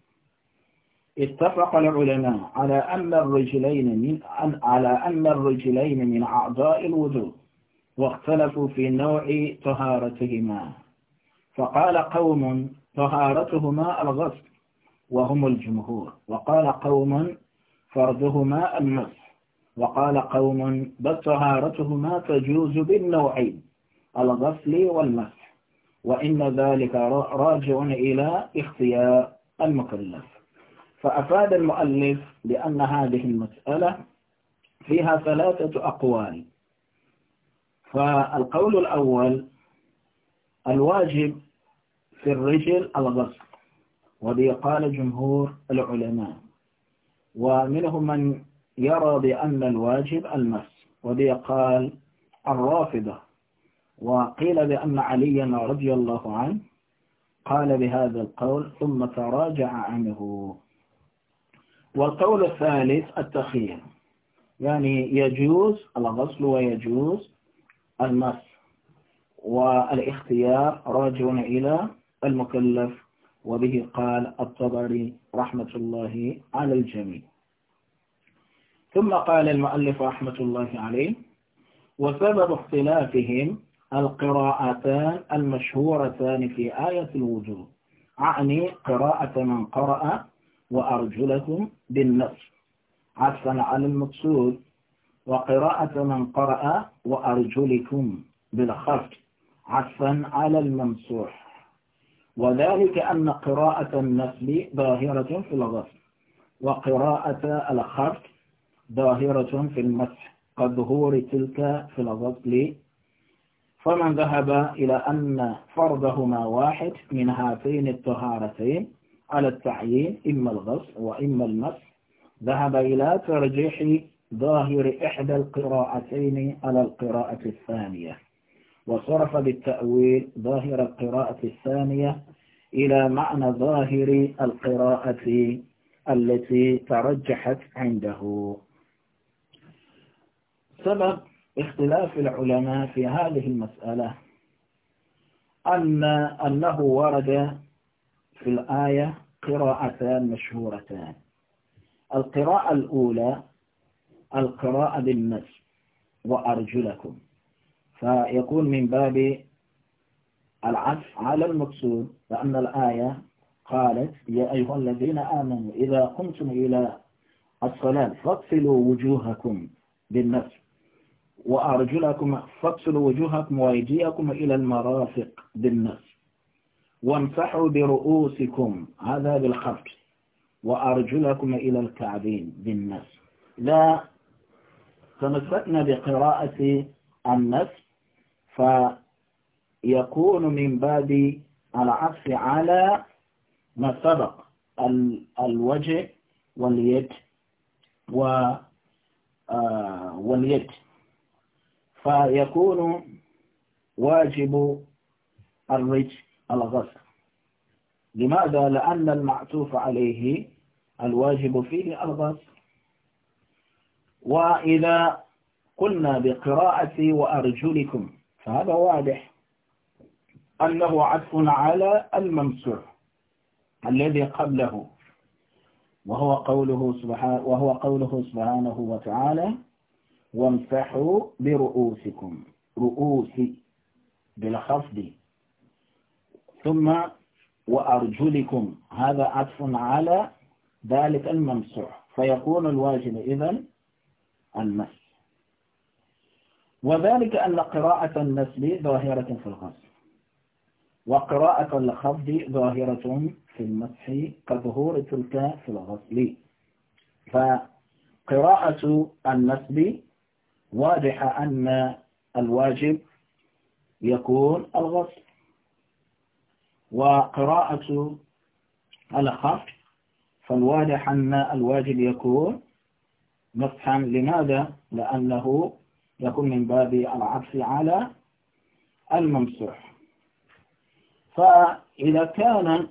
اتفق العلماء على أن الرجلين من على أن الرجلين من أعضاء الوجود واختلفوا في نوع طهارتهما فقال قوم طهارتهما الغسل وهم الجمهور وقال قوم فرضهما المسح وقال قوم بل طهارتهما تجوز بالنوعين الغسل والمسح وإن ذلك راجع إلى اختيار المكلف فأفاد المؤلف بأن هذه المسألة فيها ثلاثة أقوال فالقول الأول الواجب في الرجل الغسل وذي قال جمهور العلماء ومنهم من يرى بأن الواجب المس وذي قال الرافضة وقيل بأن عليا رضي الله عنه قال بهذا القول ثم تراجع عنه والقول الثالث التخير يعني يجوز الغسل ويجوز المس والاختيار راجع إلى المكلف وبه قال الطبري رحمة الله على الجميع ثم قال المؤلف رحمة الله عليه وسبب اختلافهم القراءتان المشهورتان في آية الوجود أعني قراءة من قرأ وأرجلكم بالنصر عفوا على المقصود وقراءة من قرأ وأرجلكم بالخفض عفوا على الممسوح وذلك أن قراءة النسل ظاهرة في الغسل وقراءة الخفض ظاهرة في المسح كظهور تلك في الغسل فمن ذهب إلى أن فرضهما واحد من هاتين الطهارتين على التعيين إما الغسل وإما المسح ذهب إلى ترجيح ظاهر إحدى القراءتين على القراءة الثانية وصرف بالتأويل ظاهر القراءة الثانية إلى معنى ظاهر القراءة التي ترجحت عنده سبب اختلاف العلماء في هذه المسألة أن أنه ورد في الآية قراءتان مشهورتان القراءة الأولى القراءة بالمس وأرجلكم فيكون من باب العطف على المقصود لأن الآية قالت يا أيها الذين آمنوا إذا قمتم إلى الصلاة فاغسلوا وجوهكم بالمس وأرجلكم فاغسلوا وجوهكم وأيديكم إلى المرافق بالمس وامسحوا برؤوسكم هذا بالخفض وأرجلكم إلى الكعبين بالمس لا تمسكنا بقراءة النص فيكون من باب العطف على ما سبق الوجه واليد و آه، واليد فيكون واجب الرج الغسل لماذا؟ لأن المعتوف عليه الواجب فيه الغسل وإذا قلنا بقراءة وأرجلكم فهذا واضح أنه عطف على الممسوح الذي قبله وهو قوله سبحانه وهو قوله سبحانه وتعالى وامسحوا برؤوسكم رؤوسي بالخفض ثم وأرجلكم هذا عطف على ذلك الممسوح فيكون الواجب إذا المس وذلك أن قراءة النسل ظاهرة في الغسل وقراءة الخفض ظاهرة في المسح كظهور تلك في الغسل فقراءة النسب واضح أن الواجب يكون الغسل وقراءة الخفض فالواضح أن الواجب يكون نصحا لماذا؟ لأنه يكون من باب العطف على الممسوح فإذا كان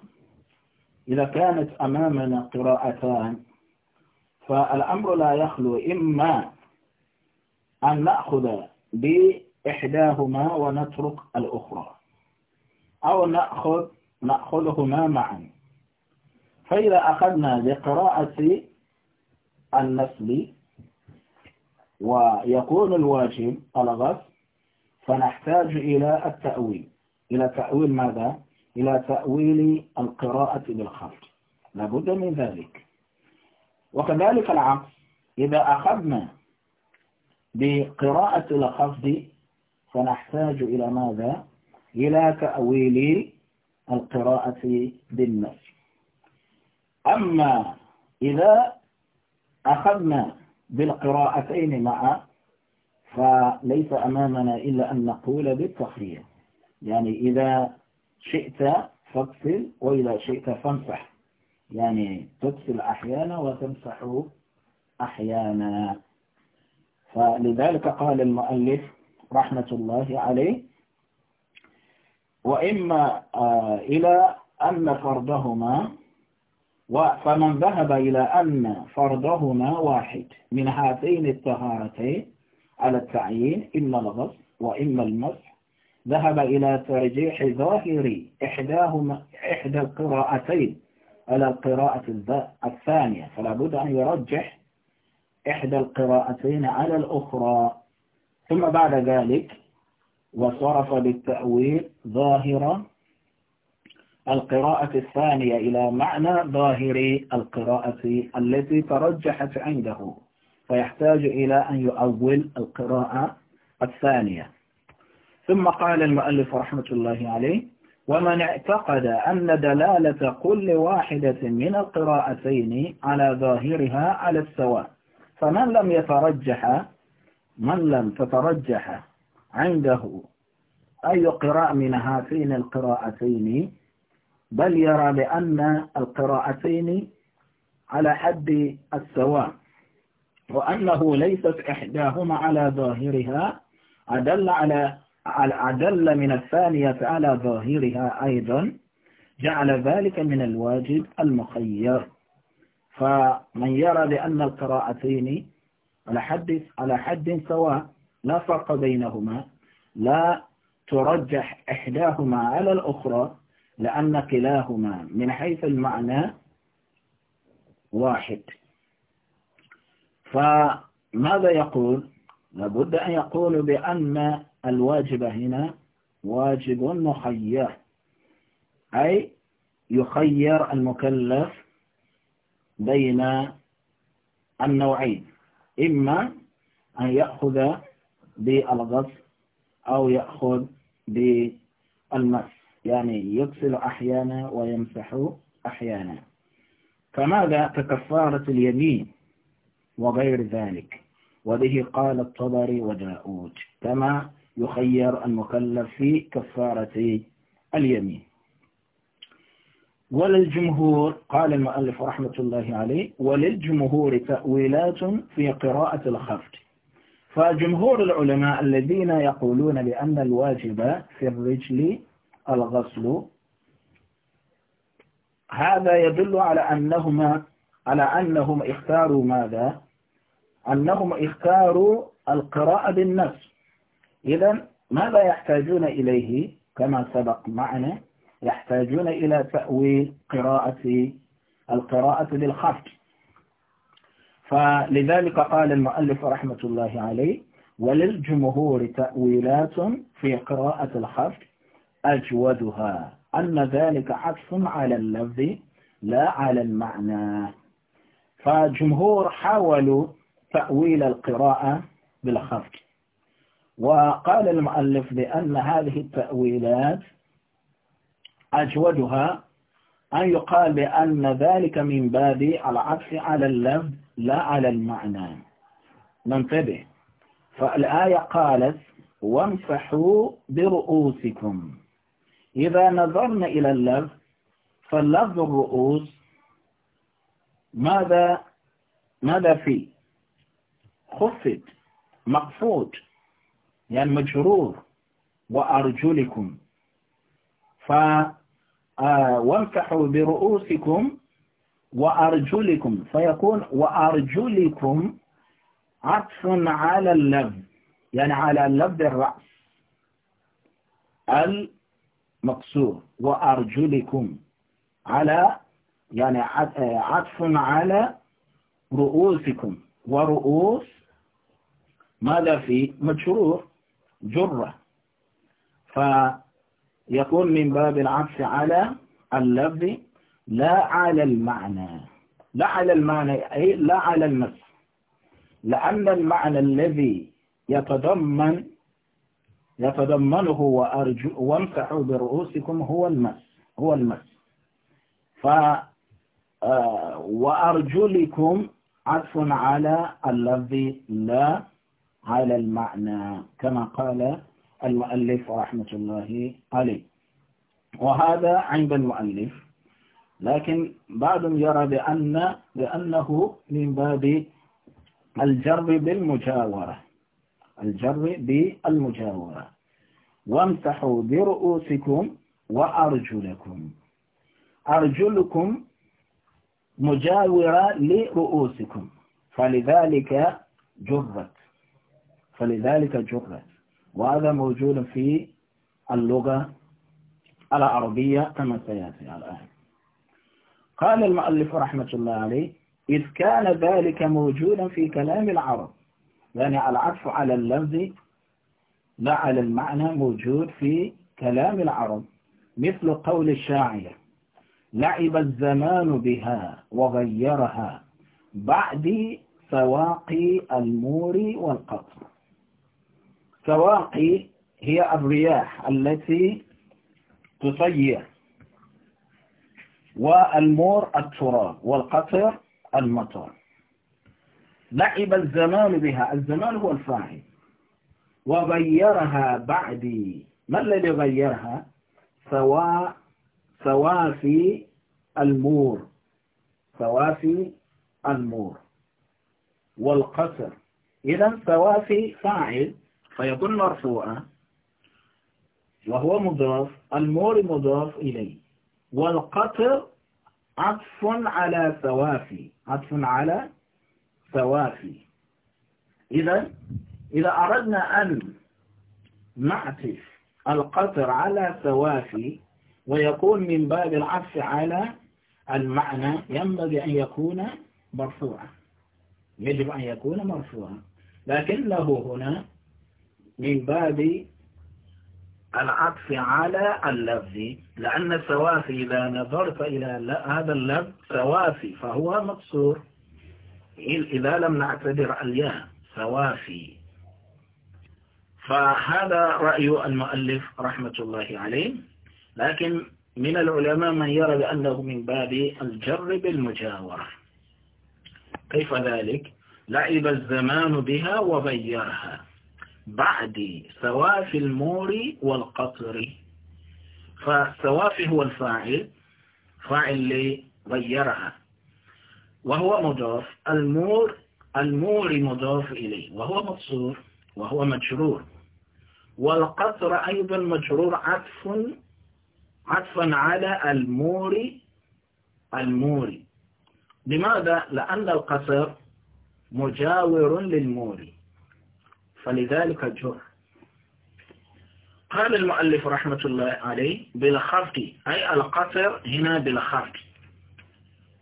إذا كانت أمامنا قراءتان فالأمر لا يخلو إما أن نأخذ بإحداهما ونترك الأخرى أو نأخذ نأخذهما معا فإذا أخذنا بقراءة النسل ويكون الواجب الغسل فنحتاج إلى التأويل إلى تأويل ماذا؟ إلى تأويل القراءة بالخفض لابد من ذلك وكذلك العقص إذا أخذنا بقراءة الخفض فنحتاج إلى ماذا؟ إلى تأويل القراءة بالنفس أما إذا أخذنا بالقراءتين معا فليس أمامنا إلا أن نقول بالتخيير يعني إذا شئت فاكسل وإذا شئت فامسح يعني تكسل أحيانا وتمسح أحيانا فلذلك قال المؤلف رحمة الله عليه وإما آه، إلى أن فردهما فمن ذهب إلى أن فرضهما واحد من هاتين الطهارتين على التعيين إما الغسل وإما المسح ذهب إلى ترجيح ظاهر إحداهما إحدى القراءتين على القراءة الثانية فلا بد أن يرجح إحدى القراءتين على الأخرى ثم بعد ذلك وصرف بالتأويل ظاهرة القراءة الثانية إلى معنى ظاهر القراءة التي ترجحت عنده فيحتاج إلى أن يؤول القراءة الثانية ثم قال المؤلف رحمة الله عليه ومن اعتقد أن دلالة كل واحدة من القراءتين على ظاهرها على السواء فمن لم يترجح من لم تترجح عنده أي قراءة من هاتين القراءتين بل يرى بأن القراءتين على حد السواء وأنه ليست إحداهما على ظاهرها أدل على أدل من الثانية على ظاهرها أيضا جعل ذلك من الواجب المخير فمن يرى بأن القراءتين على حد على حد سواء لا فرق بينهما لا ترجح إحداهما على الأخرى لأن كلاهما من حيث المعنى واحد فماذا يقول لابد أن يقول بأن الواجب هنا واجب مخير أي يخير المكلف بين النوعين إما أن يأخذ بالغصب أو يأخذ بالمس يعني يغسل أحيانا ويمسح أحيانا فماذا ككفارة اليمين وغير ذلك وبه قال الطبري وداود كما يخير المكلف في كفارة اليمين وللجمهور قال المؤلف رحمة الله عليه وللجمهور تأويلات في قراءة الخفض فجمهور العلماء الذين يقولون بأن الواجب في الرجل الغسل هذا يدل على أنهما على أنهم اختاروا ماذا أنهم اختاروا القراءة بالنفس إذا ماذا يحتاجون إليه كما سبق معنا يحتاجون إلى تأويل قراءة القراءة بالخفض فلذلك قال المؤلف رحمة الله عليه وللجمهور تأويلات في قراءة الخفض أجودها أن ذلك عطف على اللفظ لا على المعنى فالجمهور حاولوا تأويل القراءة بالخفض وقال المؤلف بأن هذه التأويلات أجودها أن يقال بأن ذلك من باب العطف على اللفظ لا على المعنى ننتبه فالآية قالت وامسحوا برؤوسكم إذا نظرنا إلى اللفظ فاللفظ الرؤوس ماذا ماذا فيه خفت مقفوض يعني مجرور وأرجلكم ف آه، وامسحوا برؤوسكم وأرجلكم فيكون وأرجلكم عطف على اللفظ يعني على اللفظ الرأس مقصور وأرجلكم على يعني عطف على رؤوسكم ورؤوس ماذا في مجرور جرة فيكون من باب العطف على اللفظ لا على المعنى لا على المعنى أي لا على المس لأن المعنى الذي يتضمن يتضمنه وأرجو وامسحوا برؤوسكم هو المس هو المس ف آه، وأرجلكم عطف على اللفظ لا على المعنى كما قال المؤلف رحمة الله عليه وهذا عند المؤلف لكن بعض يرى بأن بأنه من باب الجر بالمجاورة الجر بالمجاورة وامسحوا برؤوسكم وأرجلكم أرجلكم مجاورة لرؤوسكم فلذلك جرت فلذلك جرت وهذا موجود في اللغة العربية كما سيأتي الآن قال المؤلف رحمة الله عليه إذ كان ذلك موجودا في كلام العرب يعني العطف على اللفظ لا على المعنى موجود في كلام العرب مثل قول الشاعر لعب الزمان بها وغيرها بعد سواقي المور والقطر سواقي هي الرياح التي تصير والمور التراب والقطر المطر لعب الزمان بها الزمان هو الفاعل وغيرها بعدي ما الذي غيرها سوا سوافي المور سوافي المور والقصر إذا سوافي فاعل فيكون مرفوعا وهو مضاف المور مضاف إليه والقطر عطف على سوافي عطف على توافي إذا إذا أردنا أن نعطف القطر على توافي ويكون من باب العطف على المعنى ينبغي أن يكون مرفوعا يجب أن يكون مرفوعا لكن له هنا من باب العطف على اللفظ لأن الثوافي إذا نظرت إلى هذا اللفظ سوافي فهو مقصور إذا لم نعتبر الياء سوافي فهذا رأي المؤلف رحمة الله عليه لكن من العلماء من يرى بأنه من باب الجر بالمجاورة كيف ذلك؟ لعب الزمان بها وغيرها بعد سوافي المور والقطر فسواف هو الفاعل فاعل لغيرها وهو مضاف المور المور مضاف إليه وهو مقصور وهو مجرور والقطر أيضا مجرور عطف عطفا على المور المور لماذا؟ لأن القصر مجاور للمور فلذلك جر قال المؤلف رحمة الله عليه بالخفق أي القصر هنا بالخفق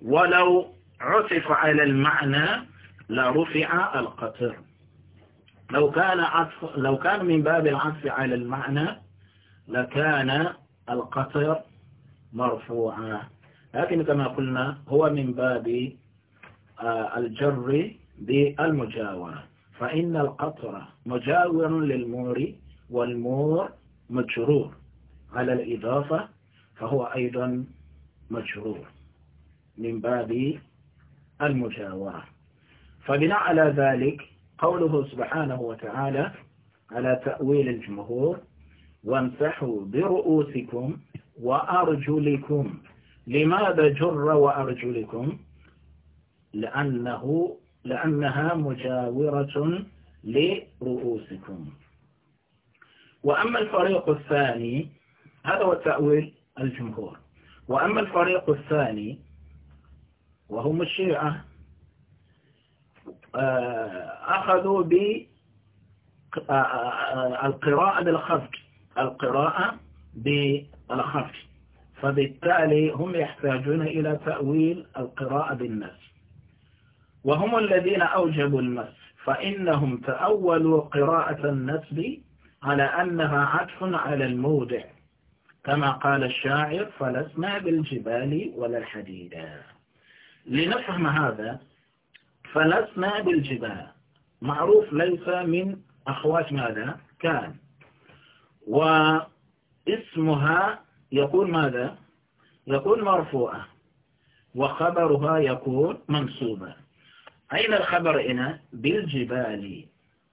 ولو عطف على المعنى لرفع القطر لو كان عطف لو كان من باب العطف على المعنى لكان القطر مرفوعا لكن كما قلنا هو من باب آه، الجر بالمجاورة فإن القطر مجاور للمور والمور مجرور على الإضافة فهو أيضا مجرور من باب المجاورة فبناء على ذلك قوله سبحانه وتعالى على تأويل الجمهور وامسحوا برؤوسكم وأرجلكم لماذا جر وأرجلكم لأنه لأنها مجاورة لرؤوسكم وأما الفريق الثاني هذا هو تأويل الجمهور وأما الفريق الثاني وهم الشيعة آه، أخذوا بالقراءة بالخفج آه، القراءة بالخفج فبالتالي هم يحتاجون إلى تأويل القراءة بالناس وهم الذين أوجبوا المس فإنهم تأولوا قراءة النسب على أنها عطف على المودع كما قال الشاعر فلسنا بالجبال ولا الحديدات لنفهم هذا فلسنا بالجبال معروف ليس من أخوات ماذا كان واسمها يكون ماذا يكون مرفوعة وخبرها يكون منصوبة أين الخبر هنا بالجبال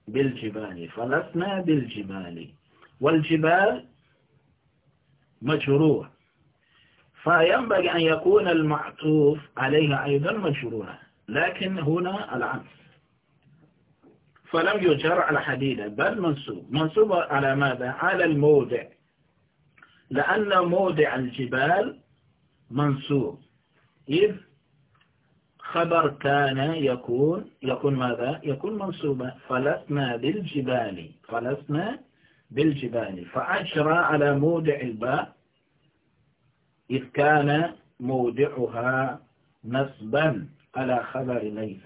بالجبال فلسنا بالجبال والجبال مجروح فينبغي أن يكون المعطوف عليه أيضا مجرورا لكن هنا العكس فلم يجر على حديدة بل منصوب منصوب على ماذا؟ على الموضع لأن موضع الجبال منصوب إذ خبر كان يكون يكون ماذا؟ يكون منصوبا فلسنا بالجبال فلسنا بالجبال فأجرى على موضع الباء إذ كان موضعها نصبا على خبر ليس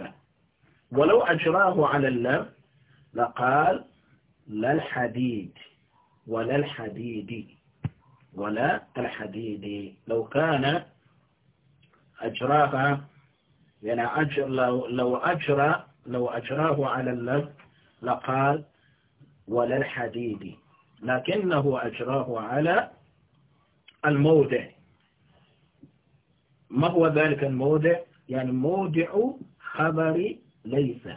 ولو أجراه على اللب لقال لا الحديد ولا الحديد ولا الحديد لو كان أجراها يعني أجر لو, لو أجرى لو أجراه على اللب لقال ولا الحديد لكنه أجراه على الموضع ما هو ذلك الموضع يعني موضع خبر ليس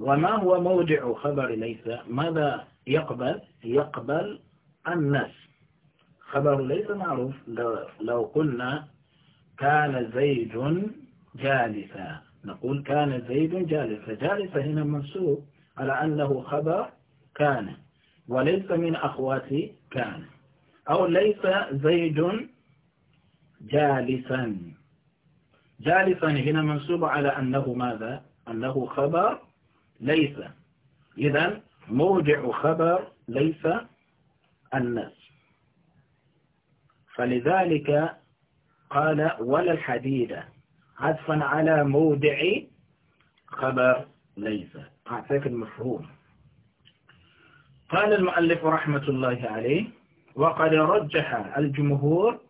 وما هو موضع خبر ليس ماذا يقبل يقبل الناس خبر ليس معروف لو قلنا كان زيد جالسا نقول كان زيد جالسا جالسا هنا منصوب على أنه خبر كان وليس من أخوات كان أو ليس زيد جالسا جالسا هنا منصوب على أنه ماذا أنه خبر ليس إذا مرجع خبر ليس الناس فلذلك قال ولا الحديدة عطفا على موضع خبر ليس أعطيك المفهوم قال المؤلف رحمة الله عليه وقد رجح الجمهور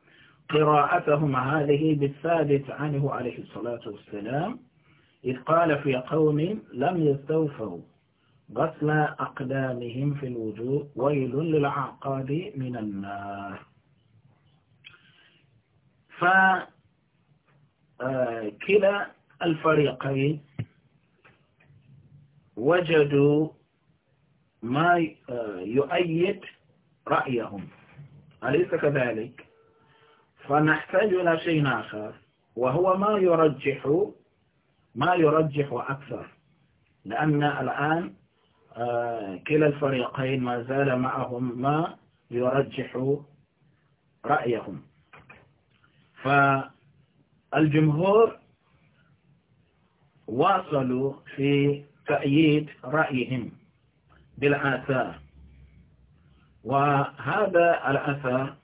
قراءتهم هذه بالثابت عنه عليه الصلاة والسلام إذ قال في قوم لم يستوفوا غسل أقدامهم في الوجوه ويل للعقاب من النار فكلا آه، الفريقين وجدوا ما آه، يؤيد رأيهم أليس كذلك فنحتاج إلى شيء آخر وهو ما يرجح ما يرجح أكثر لأن الآن آه، كلا الفريقين ما زال معهم ما يرجح رأيهم فالجمهور واصلوا في تأييد رأيهم بالآثار وهذا الأثر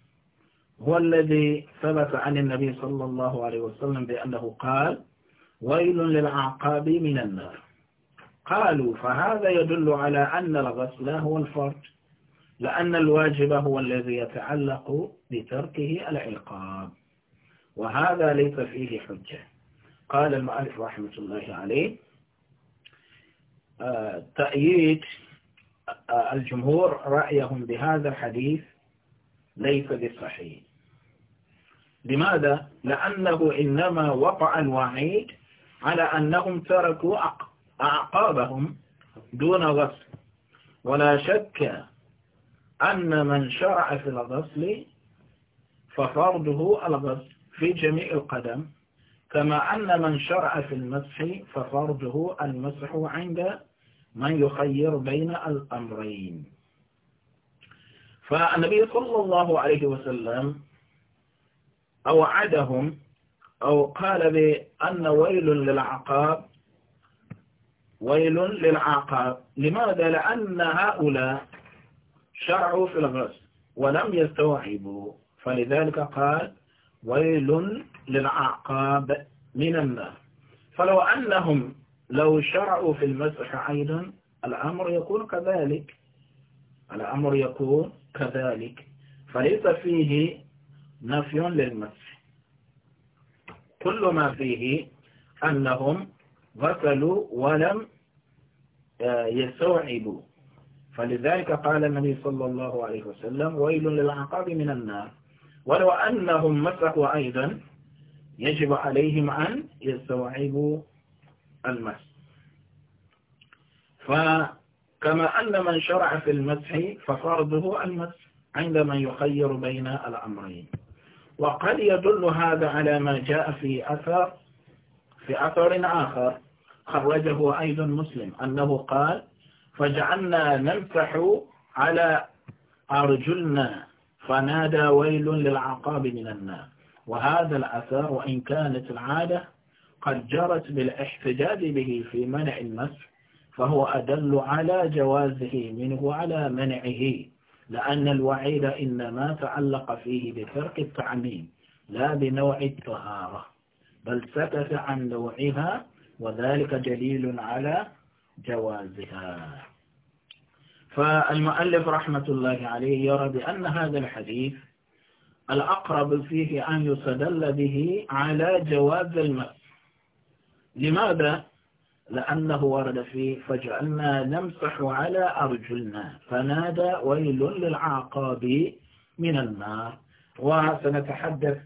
هو الذي ثبت عن النبي صلى الله عليه وسلم بأنه قال ويل للعقاب من النار قالوا فهذا يدل على أن الغسل هو الفرج لأن الواجب هو الذي يتعلق بتركه العقاب وهذا ليس فيه حجة قال المؤلف رحمة الله عليه آه، تأييد آه، الجمهور رأيهم بهذا الحديث ليس بصحيح لماذا؟ لأنه إنما وقع الوعيد على أنهم تركوا أعقابهم دون غسل ولا شك أن من شرع في الغسل ففرضه الغسل في جميع القدم كما أن من شرع في المسح ففرضه المسح عند من يخير بين الأمرين فالنبي صلى الله عليه وسلم أوعدهم أو قال بأن ويل للعقاب ويل للعقاب لماذا؟ لأن هؤلاء شرعوا في الغسل ولم يستوعبوا فلذلك قال ويل للعقاب من النار فلو أنهم لو شرعوا في المسح أيضا الأمر يكون كذلك الأمر يكون كذلك فليس فيه نفي للمسح كل ما فيه أنهم غسلوا ولم آه، يستوعبوا فلذلك قال النبي صلى الله عليه وسلم ويل للعقاب من النار ولو أنهم مسحوا أيضا يجب عليهم أن يستوعبوا المس كما أن من شرع في المسح ففرضه المسح عندما يخير بين الأمرين وقد يدل هذا على ما جاء في أثر في أثر آخر خرجه أيضا مسلم أنه قال فجعلنا نمسح على أرجلنا فنادى ويل للعقاب من النار وهذا الأثر وإن كانت العادة قد جرت بالاحتجاج به في منع المسح فهو أدل على جوازه منه على منعه لأن الوعيد إنما تعلق فيه بفرق التعميم لا بنوع الطهارة بل سكت عن نوعها وذلك دليل على جوازها فالمؤلف رحمة الله عليه يرى بأن هذا الحديث الأقرب فيه أن يستدل به على جواز المس لماذا؟ لأنه ورد فيه فجعلنا نمسح على أرجلنا فنادى ويل للعقاب من النار وسنتحدث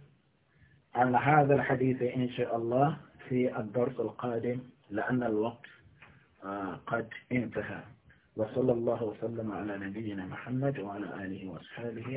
عن هذا الحديث إن شاء الله في الدرس القادم لأن الوقت آه، قد انتهى وصلى الله وسلم على نبينا محمد وعلى آله وأصحابه